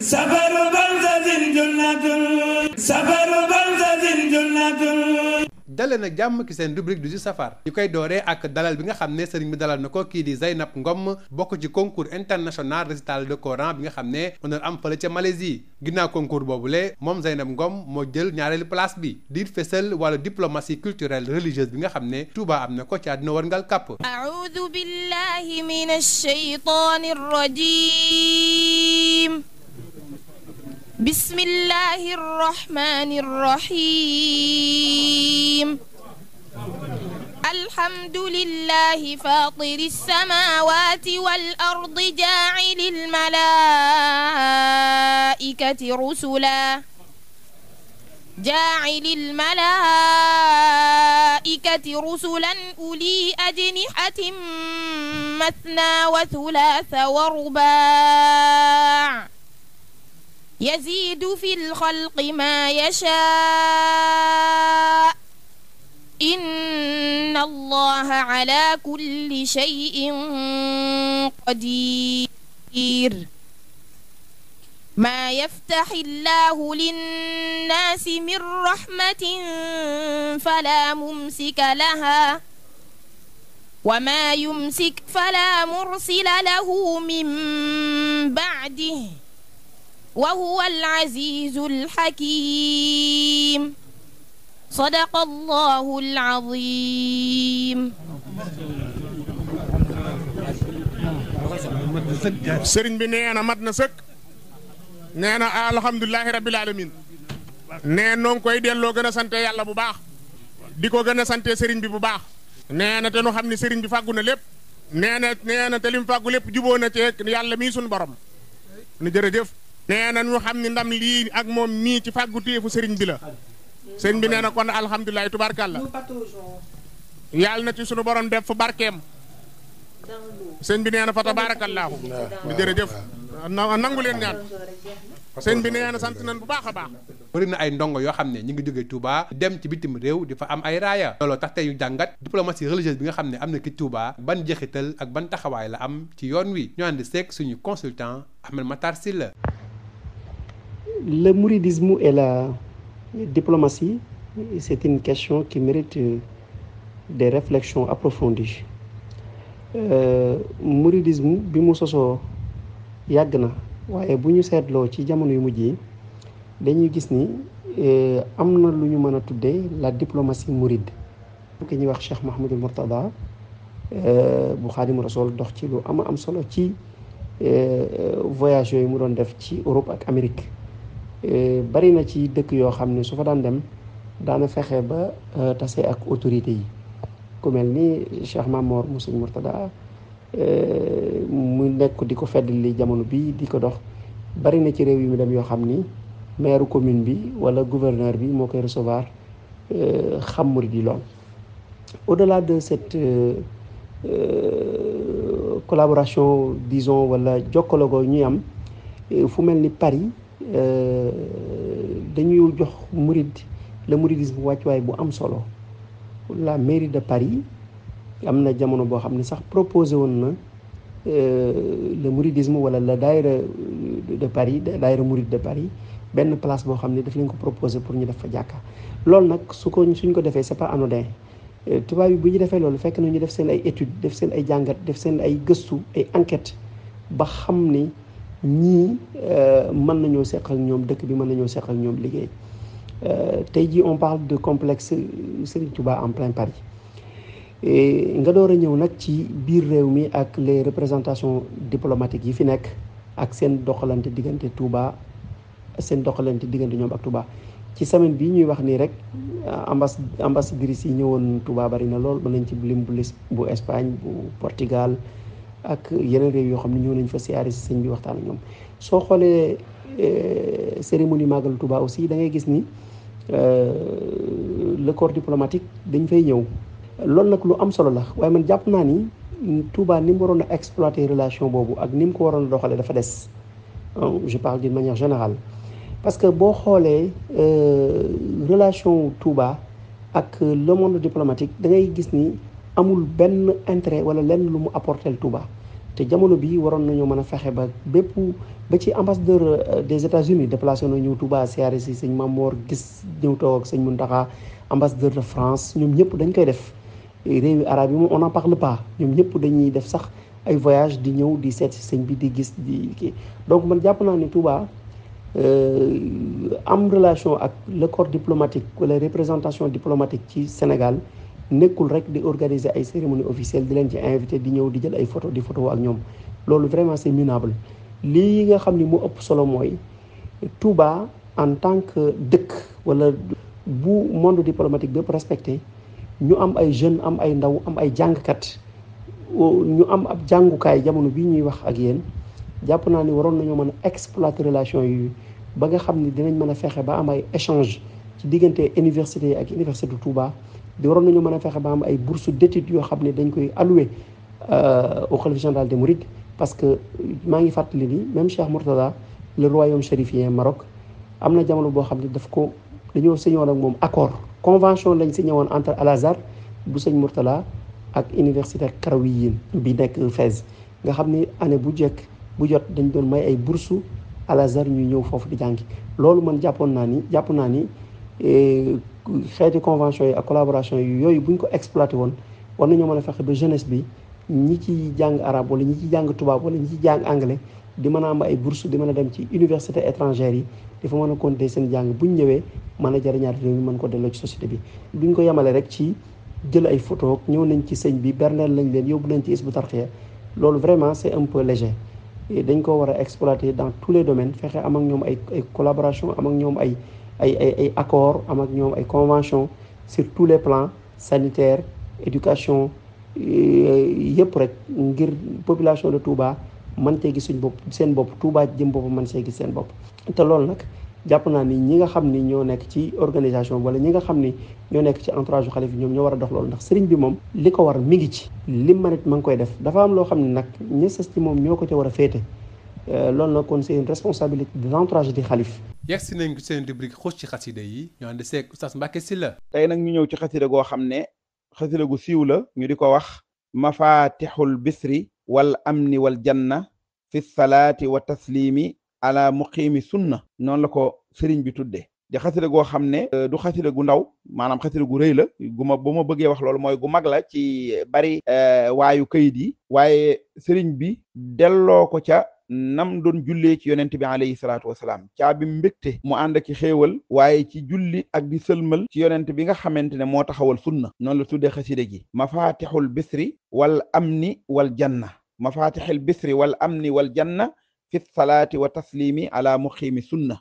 sabaru banzazin junnatul sabaru dale na jàmm ki seen rubrique du ju safar ñu koy dooree ak dalal bi nga xam ne sëriñ bi dalal na ko kii di Zaynab Ngom bokk ci concours international récital de Coran bi nga xam ne mën am fële ca Malaisie ginnaaw concours boobule moom Zaynab Ngom moo jël ñaareelu place bi diir fesal wala diplomatie culturelle religieuse bi nga xam ne Touba am na ko ci àddina warngal kàpp a'udhu billahi minash shaytanir rajim بسم الله الرحمن الرحيم الحمد لله فاطر السماوات والأرض جاعل الملائكة رسلا جاعل الملائكة رسلا أولي أجنحة مثنى وثلاث ورباع يزيد في الخلق ما يشاء إن الله على كل شيء قدير ما يفتح الله للناس من رحمة فلا ممسك لها وما يمسك فلا مرسل له من بعده wa huwa al-azizul hakim sadaqallahul azim sëriñ bi nee na mat na sëkk nee na alhamdulilahi rabbil alamin nee noo ngi koy delloo gën a sante yàlla bu baax di ko gën a sante sëriñ bi bu baax nee na te nu xam ne sëriñ bi fàggu na lépp nee na nee na te lépp juboo na ceeg yàlla mii suñu borom nu jërëjëf nee na ñu xam ni ndam lii ak moom mii ci fàggu téefu sëriñ bi la. sëriñ bi nee na kon alhamdulilah tubaarkàlla. yàlla na ci sunu borom def fu barkeem. sëñ bi nee na fa tabaarakallaahu. di jërëjëf nangu leen ñaan. sëñ bi nee na sant nañ bu baax a baax. bëri na ay ndongo yoo xam ne ñu ngi jógee Touba dem ci bitim réew di fa am ay raaya looloo tax tey ñu jàngat diplomatie religieuse bi nga xam ne am na ki Touba ban jeexital ak ban taxawaay la am ci yoon wi ñu ànd seeg suñu consultant Ahmed Matar Sylla le mouridisme et la diplomatie, c'est une question qui mérite euh, des réflexions approfondies. Euh, bi mu sosoo yàgg na waaye bu ñu seetloo ci jamono yu mujj yi dañuy gis ni euh, am na lu ñu mën a tuddee la diplomatie mouride. ki ñuy wax Cheikh Mahamadul Mourtada euh, bu Xaadimu Rasool dox ci lu am am solo ci voyage yooyu mu doon def ci Europe ak Amérique. Euh, bari na ci dëkk yoo xam ne su fa daan dem daana fexe ba euh, tase ak autorité yi ku mel ni Cheikh Mamor mu Sëñ Murtada euh, mu nekk di ko feddali jamono bi di ko dox bari na ci réew yi mu dem yoo xam ni maire commune bi wala gouverneur bi moo koy recevoir xam murid yi lool au-delà de cette collaboration disons wala jokkaloo ñuy am fu mel ni Paris Euh, dañuy jox murid le wàcc waay bu am solo la mairie de Paris am na jamono boo xam ne sax proposé woon na euh, le mouridisme wala la daayira euh, de Paris daayira mouride de Paris benn place boo xam ne daf leen ko proposé pour ñu def fa jàkka lool nag su ko suñ ko defee c'est pas anodin tubaab yi bu ñu defee loolu fekk na ñu def seen ay étude def seen ay jàngat def seen ay gëstu ay enquête ba xam ni ñii euh, mën nañoo seq ak ñoom dëkk bi mën nañoo seq ak ñoom liggéey euh, tey jii on parle de complexe Serigne Touba en plein Paris nga door a ñëw nag ci biir réew mi ak les représentations diplomatiques yi fi nekk ak seen doxalante diggante Touba seen doxalante diggante ñoom ak Touba. ci semaine bi ñuy wax nii rek ambas ambassadrices yi ñëwoon tubaa bari na lool mën nañ ci lim bu Espagne bu Portugal. ak yeneen réew yoo xam ne ñëw nañ fa siyaare si sëñ bi waxtaan ak ñoom soo xoolee eh, cérémonie Màggal Touba aussi da ngay gis ni eh, le corps diplomatique dañ fay ñëw loolu nag lu am solo la waaye man jàpp naa ni Touba ni mu waroon a exploiter relation boobu ak ni mu ko waroon a doxalee dafa des euh, je parle d'une manière générale parce que boo xoolee euh, relation Touba ak le monde diplomatique da ngay gis ni amul benn intérêt wala lenn lu mu apporter Touba te jamono bi waroon nañoo mën a fexe ba bépp ba ci ambassadeur euh, des États-Unis déplacé na ñëw Touba siyaare si sëñ Mamoor gis ñëw toog ak sëñ Muntaxa ambassadeur de France ñoom ñëpp dañ koy def réewi arab yi moom on n'en parle pas ñoom ñëpp dañuy def sax ay voyage di ñëw di seet si sëñ bi di gis di kii donc man jàpp naa ne Touba euh, am relation ak le corps diplomatique wala représentation diplomatique ci Sénégal nekkul rek di organiser ay cérémonie officielle di leen ci invité di ñëw di jël ay photo di photo ak ñoom loolu vraiment c'est minable lii nga xam ni mu ëpp solo mooy Touba en tant que dëkk wala bu monde diplomatique bépp respecté ñu am ay jeunes am ay ndaw am ay jàngkat ñu am ab jàngukaay jamono bii ñuy wax ak yéen jàpp naa ni waroon nañoo mën a exploiter relation yi ba nga xam ni dinañ mën a fexe ba am ay échange ci diggante université yi ak université du Touba di waroon nañu mën a fexe ba am ay bourse d'études yoo xam ne dañ koy alloué euh, au khalife général des mourides parce que maa ngi fàttali ni même Cheikh Mourtada le royaume chérifien Maroc am na jamono boo xam ne daf ko dañoo signé ak moom accord convention lañ signé woon entre Al Azhar bu sëñ Mourtada ak université Karawiyin bi nekk Fès nga xam ni année bu jekk bu jot dañ doon may ay bourse Al Azhar ñuy ñëw foofu di jàngi loolu man jàppoon naa ni jàpp naa ni euh, xeeti convention yi ak collaboration yi yooyu bu ñu ko exploité woon war ñoo mën a fexe ba jeunesse bi ñi ci jàng arabe wala ñi ci jàng tubaab wala ñi ci jàng anglais di mën a am ay bourse di mën a dem ci université étrangère yi dafa mën a compter seen jàng bu ñu ñëwee mën a jariñaat réew mi mën ko delloo ci société bi duñ ko yemale rek ci jël ay photo ñëw nañ ci sëñ bi berneel lañ leen yóbbu nañ ci isbu tarxiya loolu vraiment c'est un peu léger dañ ko war a exploiter dans tous les domaines fexe am ak ñoom ay ay collaboration ñoom ay ay ay ay accords am ak ñoom ay convention sur tous les plans sanitaire éducation euh, yëpp rek ngir population de Touba man see gis suñ bopp seen bopp Touba jëm bopp man see gis seen bopp te loolu nag jàpp naa ni ñi nga xam ni ñoo nekk ci organisation wala ñi nga xam ni ñoo nekk ci entourage xalif bi ñoom ñoo war a dox loolu ndax sëriñ bi moom li ko war mi ngi ci li manit ma ngi koy def dafa am loo xam ne nag ña sës ci moom ñoo ko ca war a féete Euh, loolu nag kon c'est une responsabilité de l'entourage di xalif yegg si nañ seen rubrique xuus ci xasida yi ñu ànd seeg Oustaz si la tey nag ñu ñëw ci xasida goo xam ne xasida gu siiw la ñu di ko wax mafatixul bisri wal amni wal janna fi salaati wa taslimi ala muqiimi sunna noonu la ko sëriñ bi tudde di xasida goo xam ne euh, du xasida gu ndaw maanaam xasida gu rëy la gu ma bu ma bëggee wax loolu mooy gu mag la ci bari euh, waayu kayit yi waaye sëriñ bi delloo ko ca nam doon jullee ci yonent bi alayhi salaatu wasalaam caabi mbégte mu ànd ki xéewal waaye ci julli ak di sëlmal ci yonent bi nga xamante ne moo taxawal sunna noonu la tuddee xaside gi mafatixul bisri wal amni wal janna mafatixul bisri wal amni wal janna fi salaati wa taslimi ala muqiimi sunna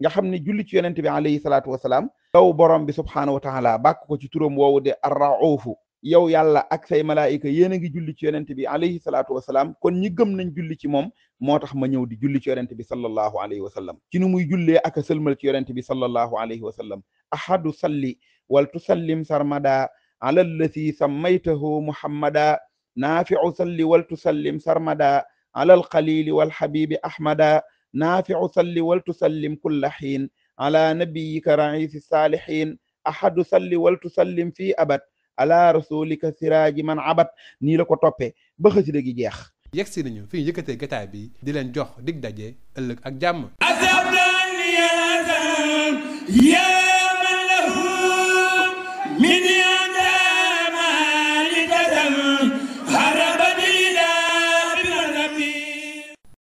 nga xam ne julli ci yonent bi alayhi salaatu wasalaam daw borom bi subhaanahu wa taala bàkk ko ci turam woowu de arraufu yow yàlla ak say malaayika yéen a ngi julli ci yonent bi alayhi salaatu wasalaam kon ñi gëm nañ julli ci moom moo tax ma ñëw di julli ci yonent bi sallallahu alayhi wa sallam ci nu muy jullee ak a sëlmal ci yonent bi sallallahu alayhi wa sallam ahadu salli wal tusallim sarmada ala allati sammaytahu muhammada naafiu salli wal tusallim sarmada ala alxalili walxabibi ahmada naafiu salli wal tusallim kulla xiin ala nabiyika raisi saalihin ahadu salli wal tusallim fii abad ala rasulika siraaji man abat nii la ko toppee ba xasida gi jeex yegg si nañu fi ñu yëkkatee gataay bi di leen jox dig daje ëllëg ak jàmm asabdan ya man lahu min